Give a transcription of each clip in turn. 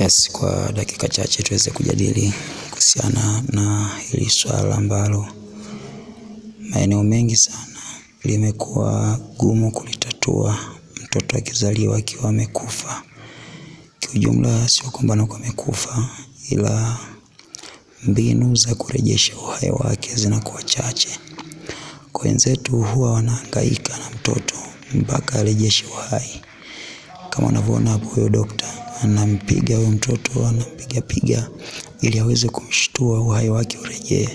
Yes, kwa dakika chache tuweze kujadili kuhusiana na hili swala ambalo maeneo mengi sana limekuwa gumu kulitatua, mtoto akizaliwa akiwa amekufa. Kiujumla, sio kwamba anakuwa amekufa, ila mbinu za kurejesha uhai wake zinakuwa chache. Kwa wenzetu huwa wanahangaika na mtoto mpaka arejeshe uhai, kama unavyoona hapo huyo dokta anampiga huyo mtoto, anampiga piga ili aweze kumshtua, uhai wake urejee.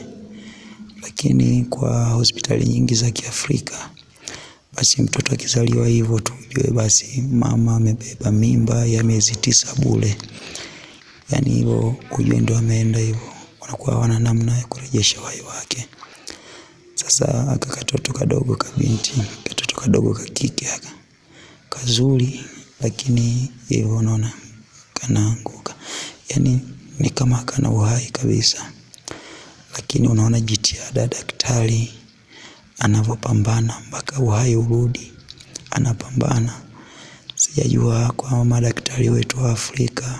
Lakini kwa hospitali nyingi za Kiafrika, basi mtoto akizaliwa hivyo ujue basi mama amebeba mimba ya miezi tisa bure, yaani hivyo ujue ndo ameenda hivyo, wanakuwa wana namna ya kurejesha uhai wake. Sasa aka katoto kadogo kabinti, katoto kadogo kakike aka kazuri, lakini hivyo unaona kanaanguka, yani ni kama kana uhai kabisa. Lakini unaona jitihada daktari anavyopambana mpaka uhai urudi, anapambana. Sijajua kwa madaktari wetu wa Afrika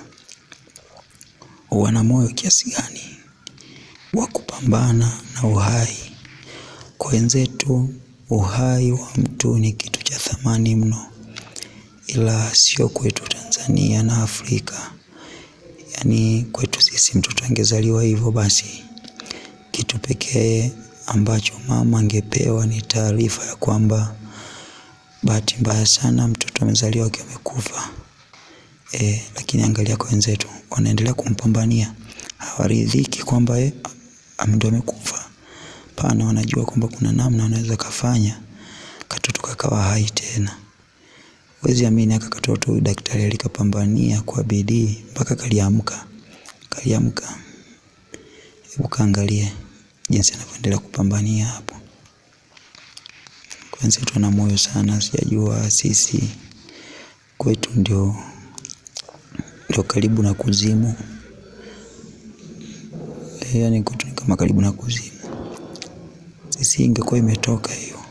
wana moyo kiasi gani wa kupambana na uhai. Kwa wenzetu uhai wa mtu ni kitu cha thamani mno, ila sio kwetu. Tanzania na Afrika. Yaani kwetu sisi mtoto angezaliwa hivyo basi, kitu pekee ambacho mama angepewa ni taarifa ya kwamba bahati mbaya sana mtoto amezaliwa akiwa amekufa. E, lakini angalia kwa wenzetu wanaendelea kumpambania, hawaridhiki kwamba e, eh, ndio amekufa. Pana wanajua kwamba kuna namna wanaweza kafanya katoto kakawa hai tena. Wezi amini aka katoto daktari alikapambania kwa bidii mpaka kaliamka. Kaliamka. Hebu kaangalie jinsi anavyoendelea kupambania hapo. Kwanza na moyo sana, sijajua sisi kwetu ndio ndio karibu na kuzimu. Yaani kwetu ni kama karibu na kuzimu. Sisi ingekuwa imetoka hiyo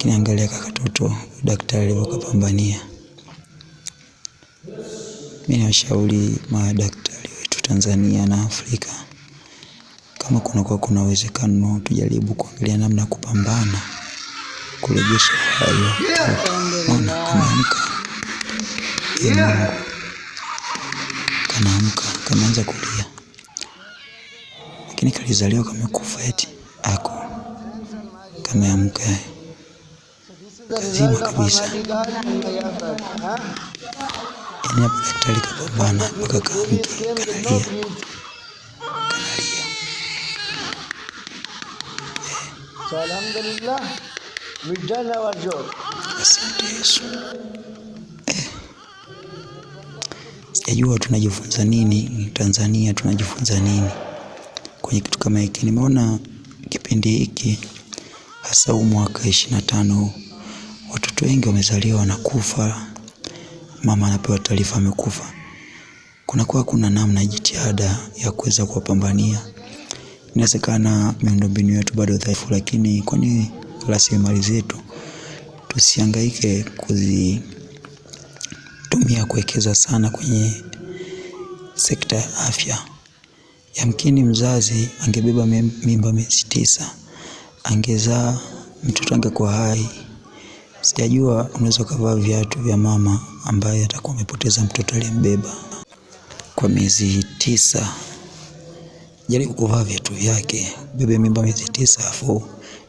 lakini angalia kakatoto daktari alivyokapambania. Mi nawashauri madaktari wetu Tanzania na Afrika, kama kunakuwa kuna uwezekano, tujaribu kuangalia namna ya kupambana kurejesha hayo watoto. Ona kanaamka, ee Mungu, kanaamka, kanaanza kulia, lakini kalizaliwa kamekufa eti ako kameamka zima kabisa yani hapo daktari kapambana mpaka kanalia kanalia. Asante Yesu. Eh. Sijajua tunajifunza nini Tanzania, tunajifunza nini kwenye kitu kama hiki. Nimeona kipindi hiki hasa huu mwaka ishirini na tano huu Watoto wengi wamezaliwa wanakufa, mama anapewa taarifa amekufa. Kunakuwa kuna namna jitihada ya kuweza kuwapambania. Inawezekana miundombinu yetu bado dhaifu, lakini kwani rasilimali zetu tusihangaike kuzitumia kuwekeza sana kwenye sekta ya afya. Yamkini mzazi angebeba mimba miezi tisa, angezaa mtoto angekuwa hai, Sijajua unaweza ukavaa viatu vya mama ambaye atakuwa amepoteza mtoto aliyembeba kwa miezi tisa. Jaribu kuvaa viatu vyake, bebe mimba miezi tisa, afu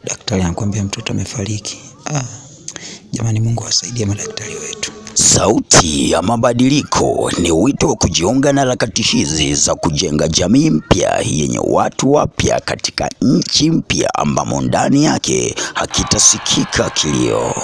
daktari anakuambia mtoto amefariki. Ah, jamani, Mungu awasaidie madaktari wetu. Sauti ya Mabadiliko ni wito wa kujiunga na harakati hizi za kujenga jamii mpya yenye watu wapya katika nchi mpya ambamo ndani yake hakitasikika kilio.